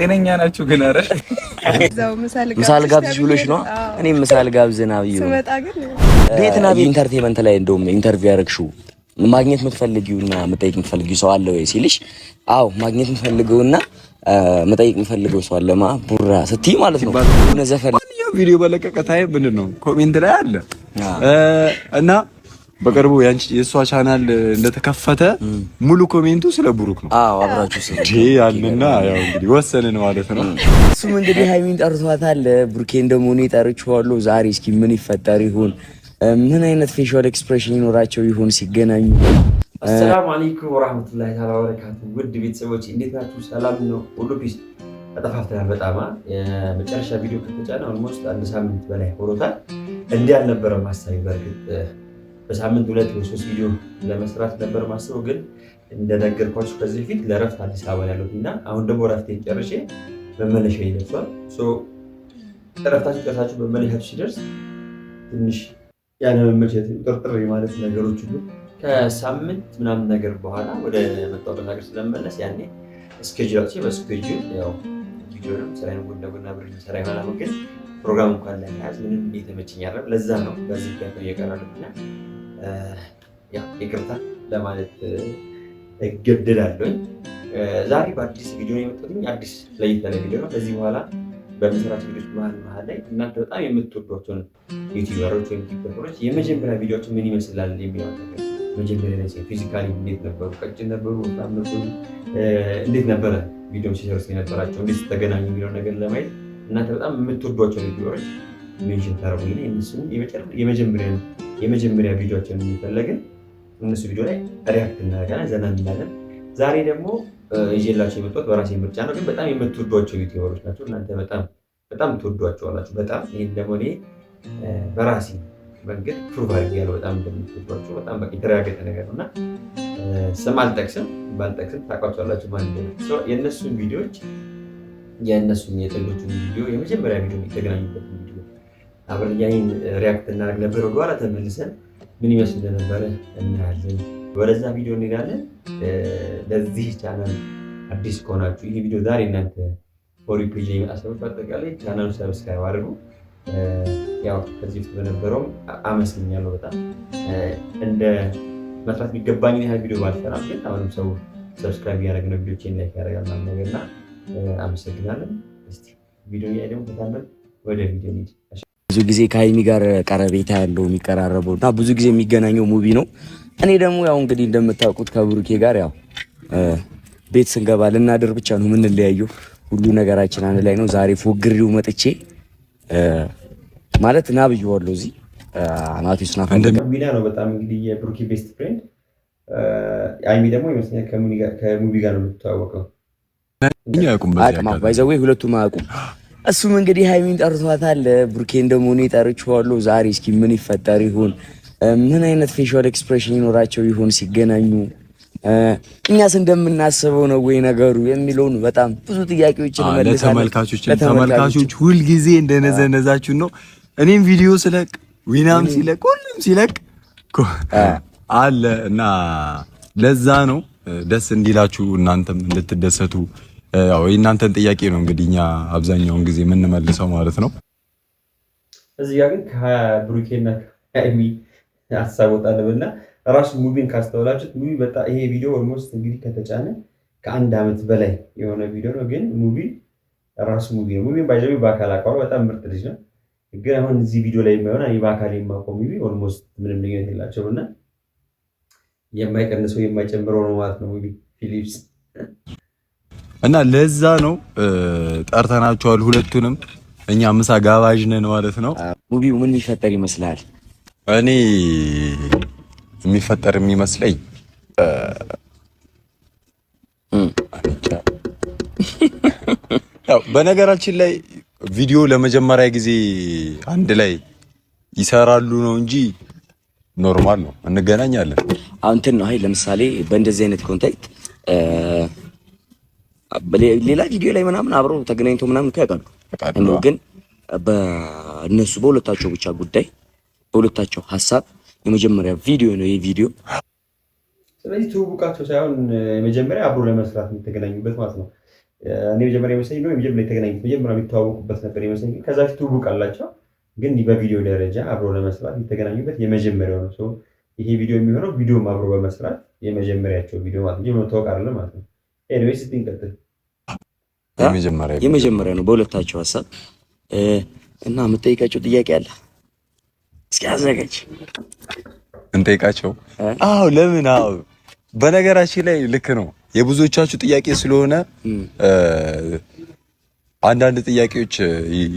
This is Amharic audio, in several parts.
ጤነኛ ናችሁ ግን? አረ ምሳል ጋብዝ ብሎሽ ነው። እኔ ምሳል ጋብዝ ና ብዬ ነው። ቤት ና ኢንተርቴንመንት ላይ እንደውም ኢንተርቪው ያደረግሽው ማግኘት የምትፈልጊውና መጠየቅ የምትፈልጊው ሰው አለ ወይ ሲልሽ፣ አዎ ማግኘት የምትፈልገውና መጠየቅ የምትፈልገው ሰው አለማ ቡራ ስትይ ማለት ነው። ዘፈን ቪዲዮ በለቀቀ ታይም ምንድን ነው ኮሜንት ላይ አለ እና በቅርቡ ያንቺ የእሷ ቻናል እንደተከፈተ ሙሉ ኮሜንቱ ስለ ብሩክ ነው። አዎ አብራችሁ ስለ ጂ ያልና ያው እንግዲህ ወሰንን ማለት ነው። እሱም እንግዲህ ሀይሚን ጠርቷታል። ብሩኬን ደግሞ እኔ ጠርቼዋለሁ። ዛሬ እስኪ ምን ይፈጠር ይሁን፣ ምን አይነት ፌሻል ኤክስፕሬሽን ይኖራቸው ይሁን ሲገናኙ? አሰላሙ አለይኩም ወራህመቱላሂ ተዓላ ወበረካቱ። ውድ ቤተሰቦች እንዴት ናችሁ? ሰላም ነው ሁሉ ፒስ። ተጠፋፍተናል በጣም የመጨረሻ ቪዲዮ ከተጫነ ኦልሞስት አንድ ሳምንት በላይ ሆኖታል። እንዲህ አልነበረም ሀሳቢ በእርግጥ በሳምንት ሁለት በሶስት ቪዲዮ ለመስራት ነበር ማስበው፣ ግን እንደነገርኳቸው ከዚህ በፊት ለረፍት አዲስ አበባ ያለው እና አሁን ደግሞ ረፍት ጨርሼ መመለሻ ይደርሷል። እረፍታችሁ ጨርሳችሁ መመለሻ ሲደርስ ትንሽ ያለ ያለመመቸት ጥርጥር ማለት ነገሮች ሁሉ ከሳምንት ምናምን ነገር በኋላ ወደ መጣሁበት ነገር ስለመለስ ያኔ እስኬጁል አውጥቼ በእስኬጁል ያው ቪዲዮንም ስራዬን ጎን ለጎን አብሬ ሰራ ይሆናል። ግን ፕሮግራም እንኳን ለመያዝ ምንም የተመቸኝ አይደለም። ለዛ ነው በዚህ ጋር እየቀራለሁ እና ይቅርታ ለማለት እገደዳለኝ። ዛሬ በአዲስ ቪዲዮ ነው የመጣሁት። አዲስ ለየት ቪዲዮ ነው። ከዚህ በኋላ በምስራች ቪዲዮች መሀል መሀል ላይ እናንተ በጣም የምትወዷቸውን ዩቲዩበሮች ወይም ቲክቶከሮች የመጀመሪያ ቪዲዮዎች ምን ይመስላል የሚለው ነገር መጀመሪያ ላይ ፊዚካሊ እንዴት ነበሩ? ቀጭን ነበሩ? በጣም ነበሩ? እንዴት ነበረ ቪዲዮ ሲሰሩ የነበራቸው እንዴት ተገናኙ የሚለው ነገር ለማየት እናንተ በጣም የምትወዷቸው ዩቲዩበሮች ሜንሽን ታደርጉልኝ። የመጀመሪያ ነው የመጀመሪያ ቪዲዮችን የሚፈለግን እነሱ ቪዲዮ ላይ ሪያክት እናደርጋለን፣ ዘና እንላለን። ዛሬ ደግሞ ይዤላቸው የመጣሁት በራሴ ምርጫ ነው፣ ግን በጣም የምትወዷቸው ዩቲዩበሮች ናቸው። እናንተ በጣም በጣም ትወዷቸዋላችሁ። በጣም ይህን ደግሞ እኔ በራሴ መንገድ ፕሩቭ አድርጌ ያለው በጣም እንደምትወዷቸው በጣም በቃ የተረጋገጠ ነገር ነው እና ስም አልጠቅስም ባልጠቅስም ታውቋቸዋላችሁ ማለት ነው። የእነሱን ቪዲዮዎች የእነሱን የጥንዶቹን ቪዲዮ የመጀመሪያ ቪዲዮ የተገናኙበት ቪዲዮ አብረን ያይን ሪያክት እናደርግ ነበር። ወደኋላ ተመልሰን ምን ይመስል እንደነበረ እናያለን። ወደዛ ቪዲዮ እንሄዳለን። ለዚህ ቻናል አዲስ ከሆናችሁ ይህ ቪዲዮ ዛሬ እናንተ ፎር ፔጅ ላይ የሚመጣ ሰዎች በአጠቃላይ ቻናሉ ሰብስክራይብ አድርጉ። ያው ከዚህ በፊት በነበረውም አመስግኛለሁ። በጣም እንደ መስራት የሚገባኝ ያህል ቪዲዮ ባልሰራም ግን አሁንም ሰው ሰብስክራይብ እያደረግነው ቪዲዮችን ላይክ ያደርጋል ማለት ነገርና አመሰግናለን። እስኪ ቪዲዮ ላይ ደግሞ ከታመን ወደ ቪዲዮ እንሂድ። ብዙ ጊዜ ከሀይሚ ጋር ቀረቤታ ያለው የሚቀራረበው እና ብዙ ጊዜ የሚገናኘው ሙቪ ነው። እኔ ደግሞ ያው እንግዲህ እንደምታውቁት ከብሩኬ ጋር ያው ቤት ስንገባ ልናደር ብቻ ነው የምንለያየው። ሁሉ ነገራችን አንድ ላይ ነው። ዛሬ ፎግሪው መጥቼ ማለት ና ዋለው እዚህ አናቴስ ናሚና ነው በጣም እንግዲህ የብሩኬ ቤስት ፍሬንድ ሀይሚ ደግሞ ይመስለኛል ከሙቪ ጋር ነው የምትተዋወቀው። አያውቁም፣ ባይዘዌ ሁለቱም አያውቁም እሱም እንግዲህ ሀይሚን ጠርቷታል። ቡርኬን ደግሞ እኔ ጠርቼዋለሁ። ዛሬ እስኪ ምን ይፈጠር ይሆን? ምን አይነት ፌሻል ኤክስፕሬሽን ይኖራቸው ይሆን ሲገናኙ? እኛስ እንደምናስበው ነው ወይ ነገሩ የሚለውን በጣም ብዙ ጥያቄዎችን ለተመልካቾች ተመልካቾች ሁልጊዜ እንደነዘነዛችሁ ነው። እኔም ቪዲዮ ስለቅ ዊናም ሲለቅ ሁሉም ሲለቅ አለ እና ለዛ ነው ደስ እንዲላችሁ እናንተም እንድትደሰቱ ያው የእናንተን ጥያቄ ነው እንግዲህ እኛ አብዛኛውን ጊዜ የምንመልሰው ማለት ነው። እዚህ ጋር ግን ከብሩኬና ከሚ ሀሳብ ወጣለብና ራሱ ሙቪን ካስተውላችሁት ሙቪ በጣም ይሄ ቪዲዮ ኦልሞስት እንግዲህ ከተጫነ ከአንድ ዓመት በላይ የሆነ ቪዲዮ ነው። ግን ሙቪ ራሱ ሙቪ ነው። ሙቪን ባይዘቢ በአካል አቋሩ በጣም ምርጥ ልጅ ነው። ግን አሁን እዚህ ቪዲዮ ላይ ይህ በአካል የማውቀው ሙቪ ኦልሞስት ምንም ልዩነት የላቸውም እና የማይቀንሰው የማይጨምረው ነው ማለት ነው ሙቪ ፊሊፕስ እና ለዛ ነው ጠርተናቸዋል። ሁለቱንም እኛ ምሳ ጋባዥ ነን ማለት ነው። ሙቢው ምን የሚፈጠር ይመስላል? እኔ የሚፈጠር የሚመስለኝ በነገራችን ላይ ቪዲዮ ለመጀመሪያ ጊዜ አንድ ላይ ይሰራሉ ነው እንጂ ኖርማል ነው፣ እንገናኛለን። አሁን እንትን ነው አይ ለምሳሌ በእንደዚህ አይነት ኮንታክት ሌላ ቪዲዮ ላይ ምናምን አብረው ተገናኝቶ ምናምን ያውቃሉ። እንደው ግን በእነሱ በሁለታቸው ብቻ ጉዳይ በሁለታቸው ሀሳብ የመጀመሪያ ቪዲዮ ነው ይህ ቪዲዮ። ስለዚህ ትውውቃቸው ሳይሆን የመጀመሪያ አብሮ ለመስራት የተገናኙበት ማለት ነው። እኔ መጀመሪያ የመሰለኝ ነው የመጀመሪያ የተገናኙት መጀመሪያ የሚተዋወቁበት ነበር የመሰለኝ። ከዛ ፊት ትውውቅ አላቸው፣ ግን በቪዲዮ ደረጃ አብሮ ለመስራት የተገናኙበት የመጀመሪያው ነው። ይሄ ቪዲዮ የሚሆነው ቪዲዮም አብሮ በመስራት የመጀመሪያቸው ቪዲዮ ማለት ነው። መታወቅ አይደለም ማለት ነው። ኤኒዌይስ እንቀጥል። የመጀመሪያ ነው በሁለታቸው ሀሳብ እና የምጠይቃቸው ጥያቄ አለ። እስኪ አዘጋጅ እንጠይቃቸው። አዎ ለምን? አዎ በነገራችን ላይ ልክ ነው። የብዙዎቻችሁ ጥያቄ ስለሆነ አንዳንድ ጥያቄዎች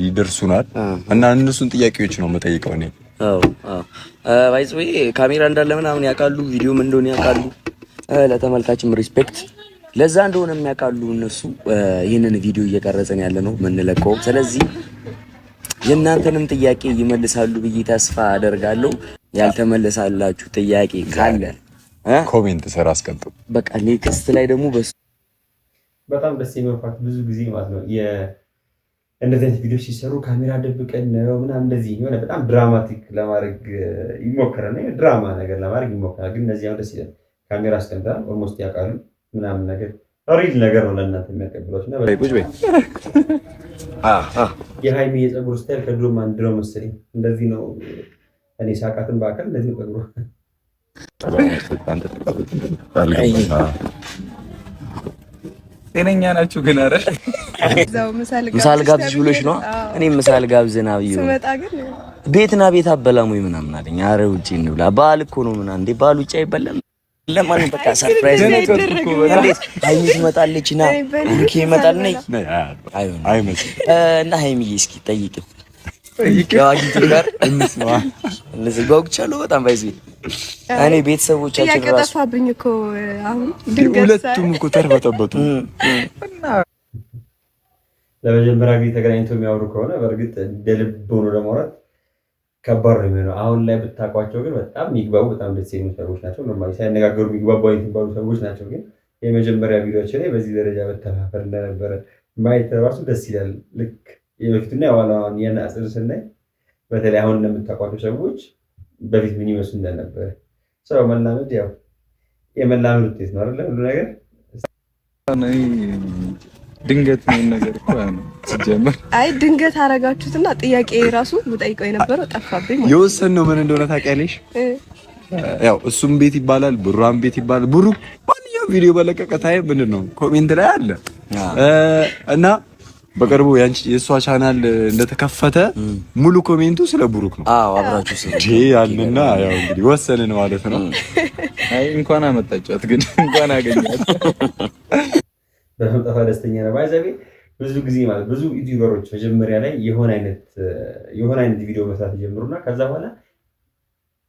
ይደርሱናል እና እነሱን ጥያቄዎች ነው የምጠይቀው እኔ። አዎ አዎ፣ ባይዘዌ ካሜራ እንዳለ ምናምን ያውቃሉ፣ ቪዲዮም እንደሆነ ያውቃሉ። ለተመልካችም ሪስፔክት ለዛ እንደሆነ የሚያውቃሉ እነሱ ይህንን ቪዲዮ እየቀረጸን ያለ ነው የምንለቀው። ስለዚህ የእናንተንም ጥያቄ ይመልሳሉ ብዬ ተስፋ አደርጋለሁ። ያልተመለሳላችሁ ጥያቄ ካለ ኮሜንት ስር አስቀምጡ። በቃ ኔክስት ላይ ደግሞ በሱ በጣም ደስ የሚመፋት ብዙ ጊዜ ማለት ነው እንደዚህ አይነት ቪዲዮ ሲሰሩ ካሜራ ደብቀን ነው ምናምን እንደዚህ የሆነ በጣም ድራማቲክ ለማድረግ ይሞከራል፣ ድራማ ነገር ለማድረግ ይሞከራል። ግን እነዚህ ደስ ይላል። ካሜራ አስቀምጠናል፣ ኦልሞስት ያውቃሉ ምናምን ነገር ሪል ነገር ነው ለእናንተ እና የሀይሚ የፀጉር ስታይል ከድሮም አንድ ነው መሰለኝ። እንደዚህ ነው እኔ ሳቃትን በአካል እንደዚህ ነው ጤነኛ ናችሁ ግን? አረ ምሳል ጋብዝ ነው። ምሳል ጋብዝ ቤት ና ምናምን አለኝ። አረ ውጭ እንብላ በዓል እኮ ነው ምናምን። እንዴ በዓል ውጭ አይበላም ለማንም በቃ ሰርፕራይዝ ሀይሚ ትመጣለች እና ልኬ ይመጣል ነይ እና ሀይሚዬ እስኪ ጠይቅ ከዋጊቱ ጋር እነዚህ ጓጉቻለሁ በጣም ባይዚ እኔ ቤተሰቦቻችን ራሱ ያቀጠፋብኝ እኮ አሁን ሁለቱም እኮ ተርበተበቱ እና ለመጀመሪያ ጊዜ ተገናኝቶ የሚያወሩ ከሆነ በእርግጥ እንደ ልብ ሆኖ ለማውራት ከባድ ነው የሚሆነው። አሁን ላይ ብታውቋቸው ግን በጣም የሚግባቡ በጣም ደስ የሚሉ ሰዎች ናቸው። ሳይነጋገሩ የሚግባቡ አይነት የሚባሉ ሰዎች ናቸው። ግን የመጀመሪያ ቪዲዮዎች ላይ በዚህ ደረጃ መተፋፈር እንደነበረ ማየት ራሱ ደስ ይላል። ልክ የበፊቱና የኋላዋን የናጽር ስናይ በተለይ አሁን እንደምታውቋቸው ሰዎች በፊት ምን ይመስሉ እንደነበረ ሰው መላመድ ያው የመላመድ ውጤት ነው አይደለ ሁሉ ነገር ድንገት ነው ነገር እኮ ነው ሲጀመር። አይ ድንገት አረጋችሁትና ጥያቄ ራሱ መጠይቀው የነበረው ጠፋብኝ። ነው ምን እንደሆነ ታውቂያለሽ? ያው እሱም ቤት ይባላል፣ ብሩም ቤት ይባላል። ብሩ ባልየው ቪዲዮ በለቀቀ ታይም ምንድን ነው ኮሜንት ላይ አለ እና በቅርቡ ያንቺ የእሷ ቻናል እንደተከፈተ ሙሉ ኮሜንቱ ስለ ብሩክ ነው። አዎ አብራችሁ ስለ ያንና ያው እንግዲህ ወሰንን ማለት ነው። አይ እንኳን አመጣጫት ግን እንኳን አገኛት በመምጣቷ ደስተኛ ነው። ባይዘቤ ብዙ ጊዜ ማለት ብዙ ዩቲዩበሮች መጀመሪያ ላይ የሆነ አይነት ቪዲዮ መስራት ጀምሩና ከዛ በኋላ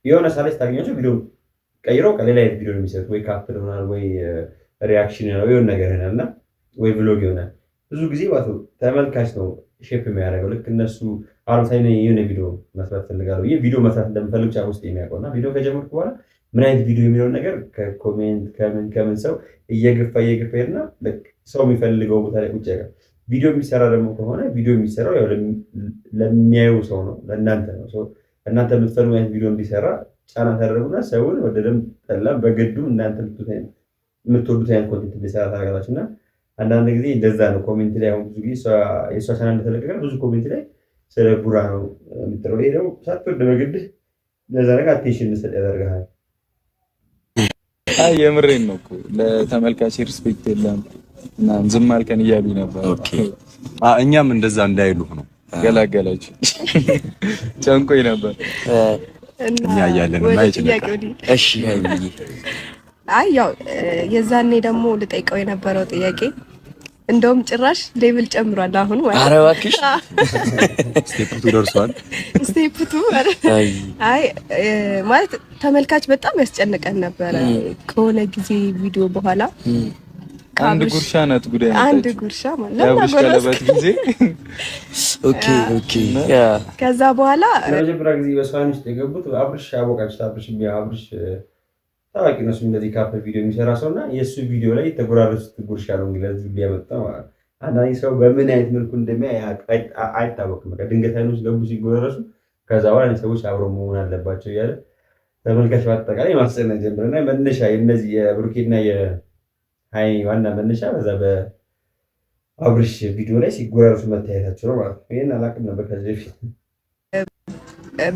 የሆነ ሳ ላይ ስታገኛቸው ቪዲዮ ቀይረው ሌላ አይነት ቪዲዮ ነው የሚሰሩት። ወይ ካፕል ሆናል፣ ወይ ሪያክሽን uh, ይሆናል፣ የሆነ ነገር ይሆናል ወይ ብሎግ ይሆናል። ብዙ ጊዜ ባቶ ተመልካች ነው ሼፕ የሚያደርገው። ልክ እነሱ አሮታይ የሆነ ቪዲዮ መስራት ፈልጋለሁ ይህ ቪዲዮ መስራት እንደምፈልግ ጫፍ ውስጥ የሚያውቀው እና ቪዲዮ ከጀመርኩ በኋላ ምን አይነት ቪዲዮ የሚለውን ነገር ከኮሜንት ከምን ከምን ሰው እየግፋ እየግፋ ሄድና ልክ ሰው የሚፈልገው ቦታ ላይ ቁጭ ያውቃል። ቪዲዮ የሚሰራ ደግሞ ከሆነ ቪዲዮ የሚሰራው ያው ለሚያዩ ሰው ነው፣ ለእናንተ ነው። እናንተ የምትፈልጉ አይነት ቪዲዮ እንዲሰራ ጫና ታደረጉና ሰውን ወደ ደም ጠላም በግዱም እናንተ የምትወዱት አይነት ኮንቴንት እንዲሰራ ታደረጋላችሁ። እና አንዳንድ ጊዜ እንደዛ ነው። ኮሜንት ላይ አሁን ብዙ ጊዜ የእሷ ቻና እንደተለቀቀ ብዙ ኮሜንት ላይ ስለ ቡራ ነው የምትለው። ይሄ ደግሞ ሳትወድ በግድህ ለዛ ነገር አቴንሽን እንሰጥ ያደርግሃል። የምሬን ነው። ለተመልካች ሪስፔክት የለም ዝም አልከን እያሉ ነበር። እኛም እንደዛ እንዳይሉህ ነው ገላገላች ጨንቆኝ ነበር እኛ እያለን እና እሺ አይ ያው የዛኔ ደግሞ ልጠይቀው የነበረው ጥያቄ እንደውም ጭራሽ ሌብል ጨምሯል። አሁን ማለት አረ እባክሽ ስቴፕቱ ደርሷል። ስቴፕቱ አይ ማለት ተመልካች በጣም ያስጨንቀን ነበረ ከሆነ ጊዜ ቪዲዮ በኋላ አንድ ጉርሻ ናት ጉዳይ አንድ ጉርሻ ማለት ነው ቀለበት ጊዜ ኦኬ ኦኬ። ያ ከዛ በኋላ ለመጀመሪያ ጊዜ በስፓኒሽ የገቡት አብርሽ አወቃችሁ። አብርሽ አብርሽ ታዋቂ ነው፣ እሱም እንደዚህ ካፌ ቪዲዮ የሚሰራ ሰው እና የእሱ ቪዲዮ ላይ የተጎራረሱት ጉርሻ ነው እንግዲህ ለዚህ ሊያመጣ ማለት አንዳንድ ሰው በምን አይነት መልኩ እንደሚያይ አይታወቅም። በቃ ድንገት አይኖች ገቡ ሲጎራረሱ፣ ከዛ በኋላ ሰዎች አብረው መሆን አለባቸው እያለ ተመልካች በአጠቃላይ ማስጨነቅ ጀምረና መነሻ የነዚህ የብሩኬና የ ሀይ ዋና መነሻ በዛ በአብርሽ ቪዲዮ ላይ ሲጎራርሱ መታየታቸው ነው ማለት ነው። ይህን አላውቅም ነበር ከዚህ በፊት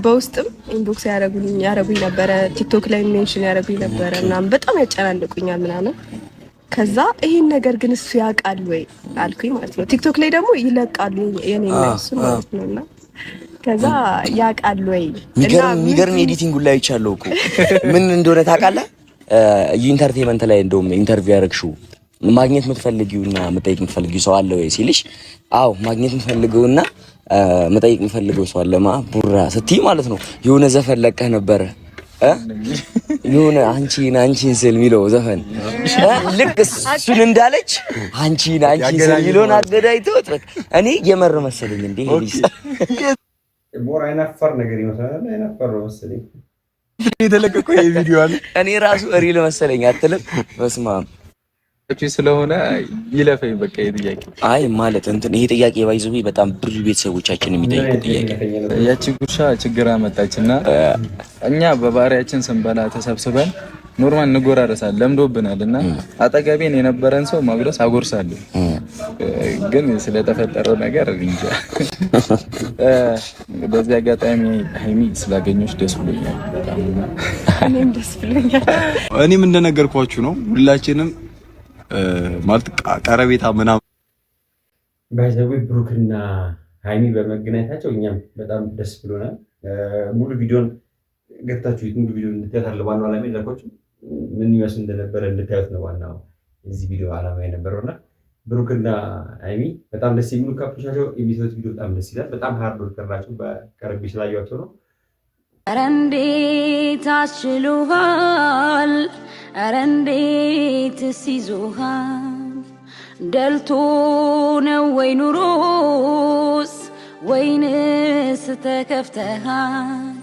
በውስጥም ኢንቦክስ ያደረጉኝ ነበረ፣ ቲክቶክ ላይ ሜንሽን ያደረጉኝ ነበረ ምናምን በጣም ያጨናንቁኛል ምናምን። ከዛ ይሄን ነገር ግን እሱ ያውቃል ወይ አልኩኝ ማለት ነው። ቲክቶክ ላይ ደግሞ ይለቃሉ የኔ እሱ ማለት ነው እና ከዛ ያውቃል ወይ የሚገርም ኤዲቲንግ ላይ ይቻለው እኮ ምን እንደሆነ ታውቃለህ ኢንተርቴንመንት ላይ እንደውም ኢንተርቪው ያደረግሽው ማግኘት የምትፈልጊውና መጠየቅ የምትፈልጊው ሰው አለ ወይ ሲልሽ፣ አዎ ማግኘት የምትፈልገውና መጠየቅ የምትፈልገው ሰው አለማ ቡራ ስትይ ማለት ነው። የሆነ ዘፈን ለቀህ ነበረ የሆነ አንቺን አንቺን ስል የሚለው ዘፈን ልክ እሱን እንዳለች አንቺን አንቺን ስል የሚለውን አገዳይተው እኔ የመር መሰለኝ እንዴ ሞር አይናፈር ነገር ይመስላል አይናፈር ነው መሰለኝ የተለቀቀው ይሄ ቪዲዮ አለ። እኔ ራሱ ሪል መሰለኝ አትልም። በስማ ስለሆነ ይለፈኝ በቃ ይሄ ጥያቄ። አይ ማለት እንትን ይሄ ጥያቄ ባይዘው በጣም ብዙ ቤተሰቦቻችን የሚጠይቁ ጥያቄ። ያቺ ጉርሻ ችግር አመጣችና እኛ በባህሪያችን ስንበላ ተሰብስበን ኖርማል እንጎራረሳለን ለምዶብናል። እና አጠገቤን የነበረን ሰው ማጉረስ አጎርሳለሁ፣ ግን ስለተፈጠረ ነገር እንጃ። በዚህ አጋጣሚ ሀይሚ ስላገኘች ደስ ብሎኛል። እኔም ደስ ብሎኛል። እኔም እንደነገርኳችሁ ነው ሁላችንም ማለት ቀረቤታ ምናምን ባይዘዊ ብሩክና ሀይሚ በመገናኘታቸው እኛም በጣም ደስ ብሎናል። ሙሉ ቪዲዮን ገብታችሁ ሙሉ ቪዲዮ እንድትያት አለባን አላሚ ምን ይመስል እንደነበረ እንድታዩት ነው ዋናው እዚህ ቪዲዮ አላማ የነበረው እና ብሩክና አይሚ በጣም ደስ የሚሉ ካፕሎች ናቸው። የሚሰሩት ቪዲዮ በጣም ደስ ይላል። በጣም ሀርድ ወርከር ናቸው። በቀረቢ ስላያቸው ነው። ኧረ እንዴት አስችሉሃል! ኧረ እንዴት ሲይዙሃል! ደልቶ ነው ወይ ኑሮስ፣ ወይንስ ተከፍተሃል?